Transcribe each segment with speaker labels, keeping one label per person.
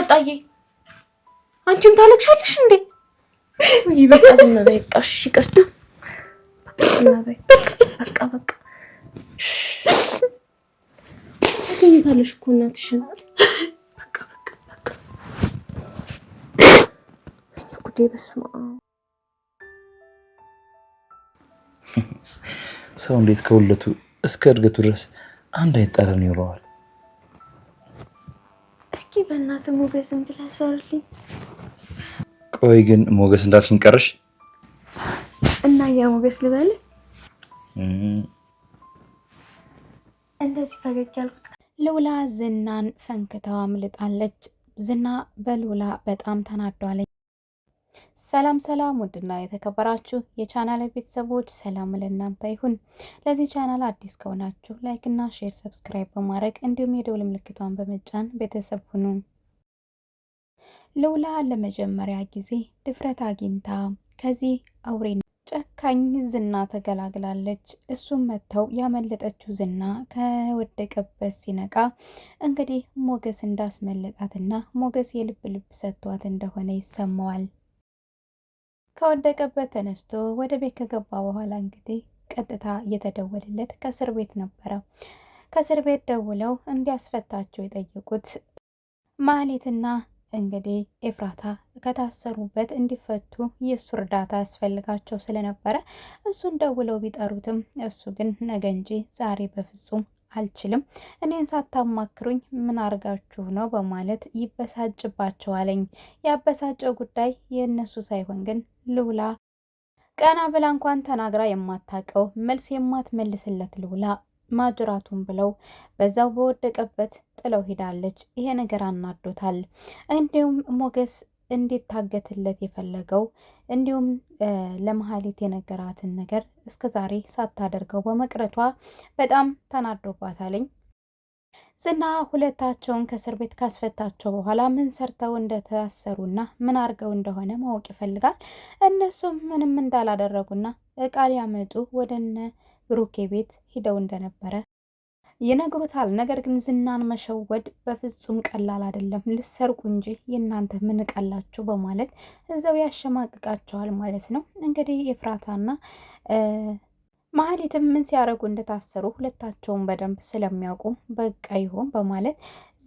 Speaker 1: አጣዬ አንቺም ታለቅሻለሽ እንዴ?
Speaker 2: ይበቃ፣ ዝም በይ፣ በቃ እሺ፣ ይቅርታ፣ በቃ በቃ። ታገኝታለሽ እኮ እናትሽን። በቃ በቃ በቃ። ጉዴ፣ በስመ አብ።
Speaker 3: ሰው እንዴት ከውለቱ እስከ እድገቱ ድረስ አንድ አይነት ጠረን ይኖረዋል?
Speaker 1: እስኪ በእናተ ሞገስን ብላ ሰሩልኝ።
Speaker 3: ቆይ ግን ሞገስ እንዳልሽን ቀረሽ
Speaker 1: እና ያ ሞገስ ልበል እንደዚህ ፈገግ ያልኩት
Speaker 4: ልውላ ዝናን ፈንክተው አምልጣለች። ዝና በልውላ በጣም ተናዷለች። ሰላም ሰላም ውድና የተከበራችሁ የቻናል ቤተሰቦች ሰላም ለእናንተ ይሁን። ለዚህ ቻናል አዲስ ከሆናችሁ ላይክና ሼር፣ ሰብስክራይብ በማድረግ እንዲሁም የደውል ምልክቷን በመጫን ቤተሰብ ሁኑ። ልውላ ለመጀመሪያ ጊዜ ድፍረት አግኝታ ከዚህ አውሬ ጨካኝ ዝና ተገላግላለች። እሱም መጥተው ያመለጠችው ዝና ከወደቀበት ሲነቃ እንግዲህ ሞገስ እንዳስመለጣትና ሞገስ የልብ ልብ ሰጥቷት እንደሆነ ይሰማዋል። ከወደቀበት ተነስቶ ወደ ቤት ከገባ በኋላ እንግዲህ ቀጥታ እየተደወልለት ከእስር ቤት ነበረ። ከእስር ቤት ደውለው እንዲያስፈታቸው የጠየቁት ማህሌትና እንግዲህ ኤፍራታ ከታሰሩበት እንዲፈቱ የእሱ እርዳታ ያስፈልጋቸው ስለነበረ እሱን ደውለው ቢጠሩትም እሱ ግን ነገ እንጂ ዛሬ በፍጹም አልችልም። እኔን ሳታማክሩኝ ምን አርጋችሁ ነው በማለት ይበሳጭባቸዋለኝ። ያበሳጨው ጉዳይ የእነሱ ሳይሆን ግን ልውላ ቀና ብላ እንኳን ተናግራ የማታቀው መልስ የማትመልስለት ልውላ ማጅራቱን ብለው በዛው በወደቀበት ጥለው ሄዳለች። ይሄ ነገር አናዶታል። እንዲሁም ሞገስ እንዴት ታገትለት የፈለገው እንዲሁም ለመሀሊት የነገራትን ነገር እስከ ዛሬ ሳታደርገው በመቅረቷ በጣም ተናዶባታለኝ። ዝና ሁለታቸውን ከእስር ቤት ካስፈታቸው በኋላ ምን ሰርተው እንደታሰሩና ምን አድርገው እንደሆነ ማወቅ ይፈልጋል። እነሱም ምንም እንዳላደረጉና እቃ ሊያመጡ ወደነ ብሩኬ ቤት ሂደው እንደነበረ ይነግሩታል። ነገር ግን ዝናን መሸወድ በፍጹም ቀላል አይደለም፣ ልሰርቁ እንጂ የእናንተ ምን ቀላችሁ በማለት እዛው ያሸማቅቃቸዋል ማለት ነው። እንግዲህ የፍራታና ማህሌትም ምን ሲያደርጉ እንደታሰሩ ሁለታቸውን በደንብ ስለሚያውቁ በቃ ይሆን በማለት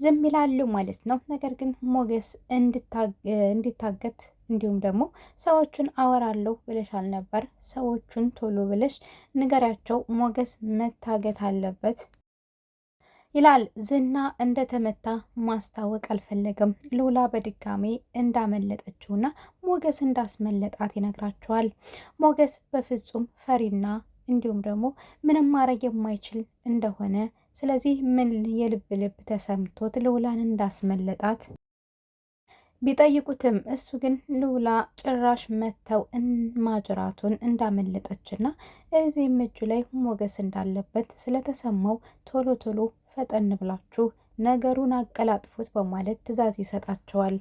Speaker 4: ዝም ይላሉ ማለት ነው። ነገር ግን ሞገስ እንዲታገት እንዲሁም ደግሞ ሰዎቹን አወራለሁ ብለሽ አልነበር ሰዎቹን ቶሎ ብለሽ ንገሪያቸው፣ ሞገስ መታገት አለበት ይላል ዝና እንደተመታ ማስታወቅ አልፈለገም። ሉላ በድጋሜ እንዳመለጠችውና ሞገስ እንዳስመለጣት ይነግራቸዋል። ሞገስ በፍጹም ፈሪና እንዲሁም ደግሞ ምንም ማድረግ የማይችል እንደሆነ ስለዚህ ምን የልብ ልብ ተሰምቶት ልውላን እንዳስመለጣት ቢጠይቁትም እሱ ግን ልውላ ጭራሽ መተው ማጅራቱን እንዳመለጠችና እዚህም እጁ ላይ ሞገስ እንዳለበት ስለተሰማው ቶሎ ቶሎ ፈጠን ብላችሁ ነገሩን አቀላጥፉት በማለት ትዕዛዝ ይሰጣቸዋል።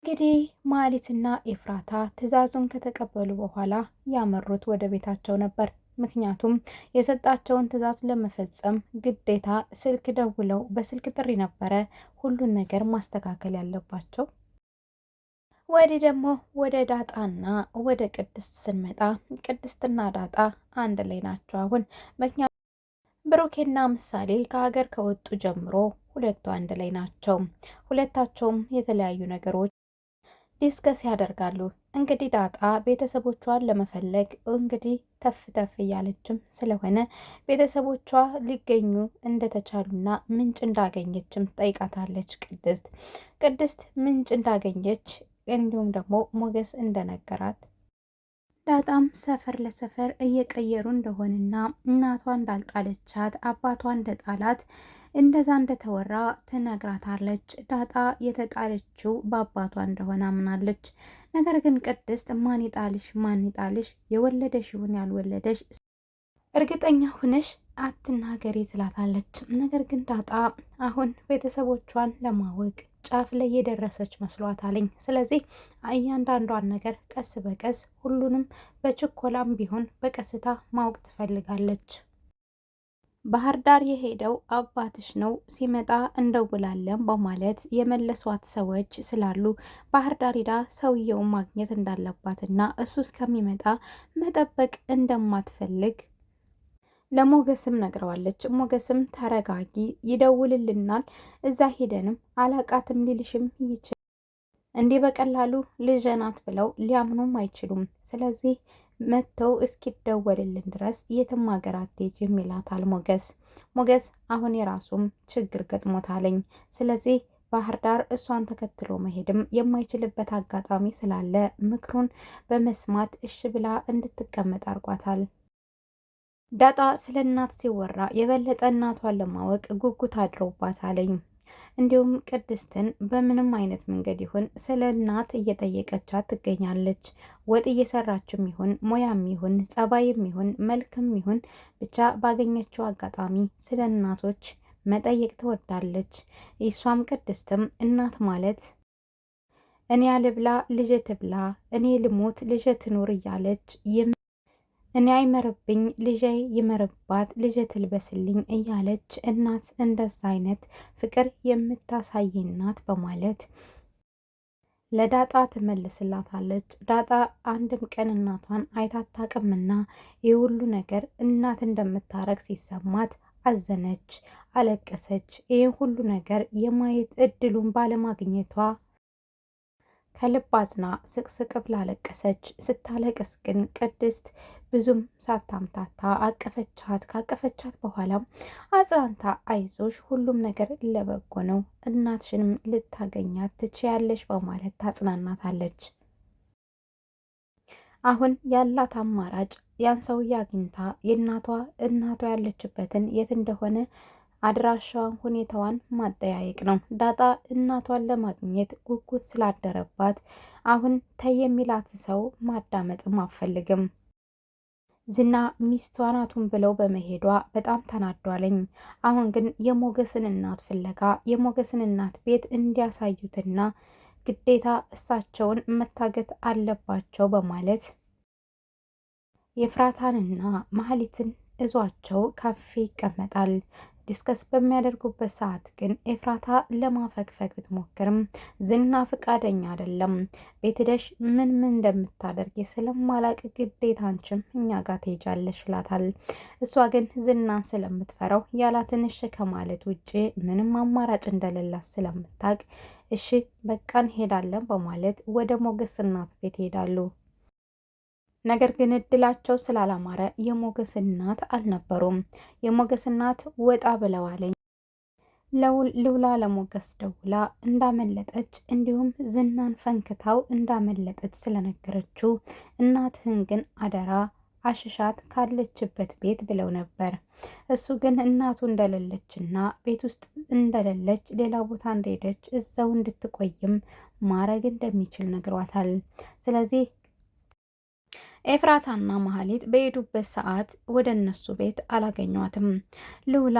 Speaker 4: እንግዲህ ማሊትና ኤፍራታ ትዕዛዙን ከተቀበሉ በኋላ ያመሩት ወደ ቤታቸው ነበር። ምክንያቱም የሰጣቸውን ትዕዛዝ ለመፈጸም ግዴታ ስልክ ደውለው በስልክ ጥሪ ነበረ ሁሉን ነገር ማስተካከል ያለባቸው። ወዲህ ደግሞ ወደ ዳጣና ወደ ቅድስት ስንመጣ ቅድስትና ዳጣ አንድ ላይ ናቸው አሁን ምክንያቱ ብሩኬና ምሳሌ ከሀገር ከወጡ ጀምሮ ሁለቱ አንድ ላይ ናቸው። ሁለታቸውም የተለያዩ ነገሮች ዲስከስ ያደርጋሉ። እንግዲህ ዳጣ ቤተሰቦቿን ለመፈለግ እንግዲህ ተፍ ተፍ እያለችም ስለሆነ ቤተሰቦቿ ሊገኙ እንደተቻሉና ምንጭ እንዳገኘችም ጠይቃታለች። ቅድስት ቅድስት ምንጭ እንዳገኘች እንዲሁም ደግሞ ሞገስ እንደነገራት ዳጣም ሰፈር ለሰፈር እየቀየሩ እንደሆነና እናቷ እንዳልጣለቻት አባቷ እንደጣላት እንደዛ እንደተወራ ትነግራታለች። ዳጣ የተጣለችው በአባቷ እንደሆነ አምናለች። ነገር ግን ቅድስት ማን ይጣልሽ ማን ይጣልሽ የወለደሽ ይሁን ያልወለደሽ እርግጠኛ ሁነሽ አትናገሪ ትላታለች። ነገር ግን ዳጣ አሁን ቤተሰቦቿን ለማወቅ ጫፍ ላይ የደረሰች መስሏት አለኝ። ስለዚህ እያንዳንዷን ነገር ቀስ በቀስ ሁሉንም በችኮላም ቢሆን በቀስታ ማወቅ ትፈልጋለች። ባህር ዳር የሄደው አባትሽ ነው ሲመጣ እንደውላለን በማለት የመለሷት ሰዎች ስላሉ ባህር ዳር ሄዳ ሰውየውን ማግኘት እንዳለባትና እሱ እስከሚመጣ መጠበቅ እንደማትፈልግ ለሞገስም ነግረዋለች። ሞገስም ተረጋጊ፣ ይደውልልናል፣ እዛ ሄደንም አላቃትም ሊልሽም ይችል እንዲህ በቀላሉ ልጄ ናት ብለው ሊያምኑም አይችሉም። ስለዚህ መጥተው እስኪደወልልን ድረስ የትም ሀገር አትሄጂም ይላታል ሞገስ። ሞገስ አሁን የራሱም ችግር ገጥሞታለኝ። ስለዚህ ባህር ዳር እሷን ተከትሎ መሄድም የማይችልበት አጋጣሚ ስላለ ምክሩን በመስማት እሺ ብላ እንድትቀመጥ አርጓታል። ዳጣ ስለ እናት ሲወራ የበለጠ እናቷን ለማወቅ ጉጉት አድሮባታለኝ። እንዲሁም ቅድስትን በምንም አይነት መንገድ ይሁን ስለ እናት እየጠየቀቻት ትገኛለች። ወጥ እየሰራችም ይሁን ሙያም ይሁን ጸባይም ይሁን መልክም ይሁን ብቻ ባገኘችው አጋጣሚ ስለ እናቶች መጠየቅ ትወዳለች። እሷም ቅድስትም እናት ማለት እኔ አልብላ ልጄ ትብላ፣ እኔ ልሞት ልጄ ትኑር እያለች እኔ አይመርብኝ ልጄ ይመርባት ልጄ ትልበስልኝ እያለች እናት እንደዛ አይነት ፍቅር የምታሳይ እናት በማለት ለዳጣ ትመልስላታለች። ዳጣ አንድም ቀን እናቷን አይታታቅምና ይሁሉ ነገር እናት እንደምታረግ ሲሰማት አዘነች፣ አለቀሰች። ይህን ሁሉ ነገር የማየት እድሉን ባለማግኘቷ ከልብ አዝና ስቅስቅ ብላ አለቀሰች። ስታለቅስ ግን ቅድስት ብዙም ሳታምታታ አቀፈቻት። ካቀፈቻት በኋላ አጽናንታ አይዞሽ፣ ሁሉም ነገር ለበጎ ነው፣ እናትሽንም ልታገኛት ትችያለሽ በማለት ታጽናናታለች። አሁን ያላት አማራጭ ያን ሰውዬ አግኝታ የእናቷ እናቷ ያለችበትን የት እንደሆነ አድራሻዋን ሁኔታዋን ማጠያየቅ ነው። ዳጣ እናቷን ለማግኘት ጉጉት ስላደረባት አሁን ተየሚላት የሚላት ሰው ማዳመጥም አፈልግም። ዝና ሚስቷ ናቱን ብለው በመሄዷ በጣም ተናዷለኝ። አሁን ግን የሞገስን እናት ፍለጋ የሞገስን እናት ቤት እንዲያሳዩትና ግዴታ እሳቸውን መታገት አለባቸው በማለት የፍራታንና መሀሊትን እዟቸው ካፌ ይቀመጣል። ዲስከስ በሚያደርጉበት ሰዓት ግን ኤፍራታ ለማፈግፈግ ብትሞክርም ዝና ፈቃደኛ አይደለም። ቤትደሽ ምን ምን እንደምታደርግ ስለማላቅ ግዴታ አንቺም እኛ ጋር ትሄጃለሽ ይላታል። እሷ ግን ዝናን ስለምትፈራው ያላትን ከማለት ውጭ ምንም አማራጭ እንደሌላት ስለምታውቅ እሺ በቃ እንሄዳለን በማለት ወደ ሞገስ እናት ቤት ይሄዳሉ። ነገር ግን እድላቸው ስላላማረ የሞገስ እናት አልነበሩም። የሞገስ እናት ወጣ ብለዋለኝ። ልውላ ለሞገስ ደውላ እንዳመለጠች እንዲሁም ዝናን ፈንክታው እንዳመለጠች ስለነገረችው እናትህን ግን አደራ አሽሻት ካለችበት ቤት ብለው ነበር። እሱ ግን እናቱ እንደሌለችና ቤት ውስጥ እንደሌለች ሌላ ቦታ እንደሄደች እዛው እንድትቆይም ማረግ እንደሚችል ነግሯታል። ስለዚህ ኤፍራታና መሀሊት በሄዱበት ሰዓት ወደ እነሱ ቤት አላገኟትም። ልውላ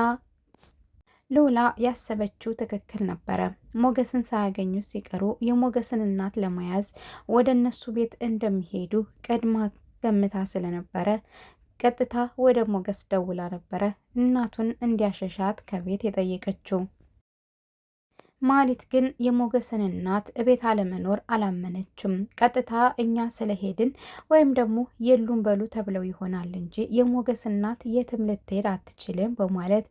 Speaker 4: ልውላ ያሰበችው ትክክል ነበረ። ሞገስን ሳያገኙት ሲቀሩ የሞገስን እናት ለመያዝ ወደ እነሱ ቤት እንደሚሄዱ ቀድማ ገምታ ስለነበረ ቀጥታ ወደ ሞገስ ደውላ ነበረ እናቱን እንዲያሸሻት ከቤት የጠየቀችው። ማሊት ግን የሞገስን እናት እቤት አለመኖር አላመነችም። ቀጥታ እኛ ስለሄድን ወይም ደግሞ የሉም በሉ ተብለው ይሆናል እንጂ የሞገስ እናት የትም ልትሄድ አትችልም በማለት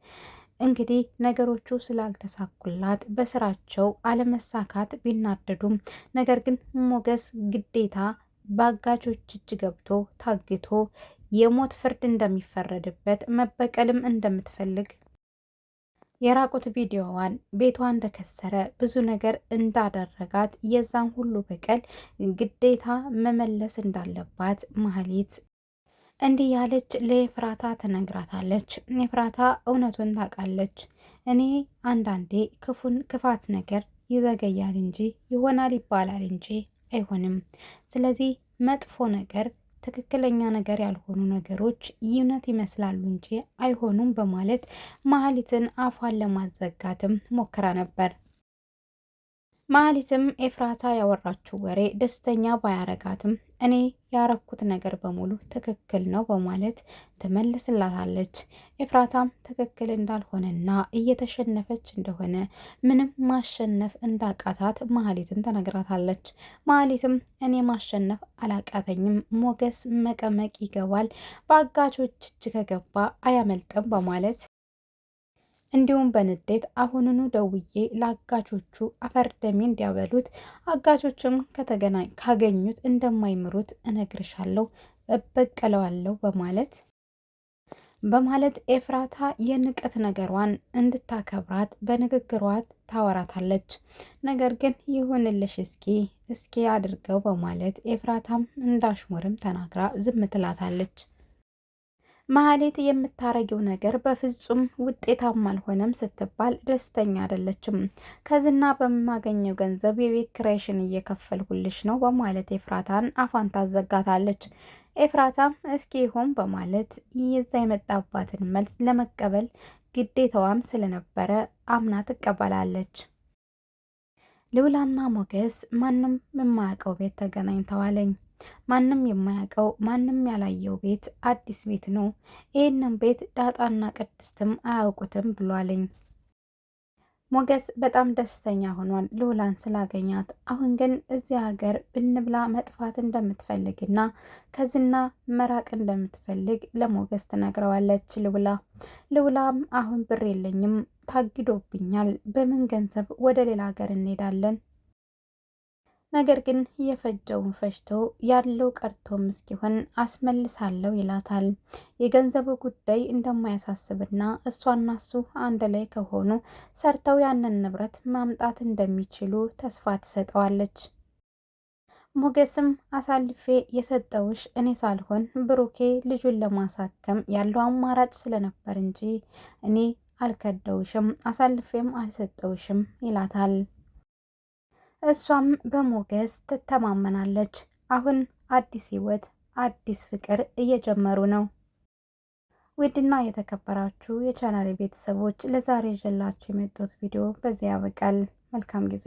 Speaker 4: እንግዲህ ነገሮቹ ስላልተሳኩላት በስራቸው አለመሳካት ቢናደዱም ነገር ግን ሞገስ ግዴታ በአጋቾች እጅ ገብቶ ታግቶ የሞት ፍርድ እንደሚፈረድበት መበቀልም እንደምትፈልግ የራቁት ቪዲዮዋን ቤቷ እንደከሰረ ብዙ ነገር እንዳደረጋት የዛን ሁሉ በቀል ግዴታ መመለስ እንዳለባት ማህሌት እንዲህ ያለች ለኤፍራታ ትነግራታለች። ኤፍራታ እውነቱን ታውቃለች። እኔ አንዳንዴ ክፉን ክፋት ነገር ይዘገያል እንጂ ይሆናል ይባላል እንጂ አይሆንም። ስለዚህ መጥፎ ነገር ትክክለኛ ነገር ያልሆኑ ነገሮች እውነት ይመስላሉ እንጂ አይሆኑም በማለት መሀሊትን አፏን ለማዘጋትም ሞክራ ነበር። መሀሊትም ኤፍራታ ያወራችው ወሬ ደስተኛ ባያረጋትም እኔ ያረኩት ነገር በሙሉ ትክክል ነው በማለት ትመልስላታለች። ኤፍራታም ትክክል እንዳልሆነና እየተሸነፈች እንደሆነ ምንም ማሸነፍ እንዳቃታት ማህሌትን ተነግራታለች። መሀሊትም እኔ ማሸነፍ አላቃተኝም፣ ሞገስ መቀመቅ ይገባል፣ በአጋቾች እጅ ከገባ አያመልጥም በማለት እንዲሁም በንዴት አሁንኑ ደውዬ ለአጋቾቹ አፈር ደሜ እንዲያበሉት አጋቾችም ከተገና ካገኙት እንደማይምሩት እነግርሻለሁ፣ እበቀለዋለሁ በማለት በማለት ኤፍራታ የንቀት ነገሯን እንድታከብራት በንግግሯ ታወራታለች። ነገር ግን ይሁንልሽ እስኪ እስኪ አድርገው በማለት ኤፍራታም እንዳሽሙርም ተናግራ ዝም ትላታለች። ማህሌት የምታረጊው ነገር በፍጹም ውጤታማ አልሆነም ስትባል ደስተኛ አይደለችም። ከዝና በማገኘው ገንዘብ የቤት እየከፈል እየከፈልሁልሽ ነው በማለት ኤፍራታን አፏን ታዘጋታለች። ኤፍራታም እስኪ ይሆን በማለት የዛ የመጣባትን መልስ ለመቀበል ግዴታዋም ስለነበረ አምና ትቀበላለች። ልውላና ሞገስ ማንም የማያውቀው ቤት ተገናኝተዋለኝ። ማንም የማያውቀው ማንም ያላየው ቤት አዲስ ቤት ነው። ይህንን ቤት ዳጣና ቅድስትም አያውቁትም ብሏለኝ። ሞገስ በጣም ደስተኛ ሆኗል ልውላን ስላገኛት። አሁን ግን እዚህ ሀገር ብንብላ መጥፋት እንደምትፈልግና ከዝና መራቅ እንደምትፈልግ ለሞገስ ትነግረዋለች ልውላ። ልውላም አሁን ብር የለኝም ታግዶብኛል፣ በምን ገንዘብ ወደ ሌላ ሀገር እንሄዳለን ነገር ግን የፈጀውን ፈጅቶ ያለው ቀርቶም እስኪሆን አስመልሳለሁ ይላታል። የገንዘቡ ጉዳይ እንደማያሳስብና እሷና እሱ አንድ ላይ ከሆኑ ሰርተው ያንን ንብረት ማምጣት እንደሚችሉ ተስፋ ትሰጠዋለች። ሞገስም አሳልፌ የሰጠውሽ እኔ ሳልሆን ብሩኬ ልጁን ለማሳከም ያለው አማራጭ ስለነበር እንጂ እኔ አልከደውሽም፣ አሳልፌም አልሰጠውሽም ይላታል። እሷም በሞገስ ትተማመናለች። አሁን አዲስ ህይወት፣ አዲስ ፍቅር እየጀመሩ ነው። ውድና የተከበራችሁ የቻናል ቤተሰቦች ለዛሬ ይዤላችሁ የመጡት ቪዲዮ በዚህ ያበቃል። መልካም ጊዜ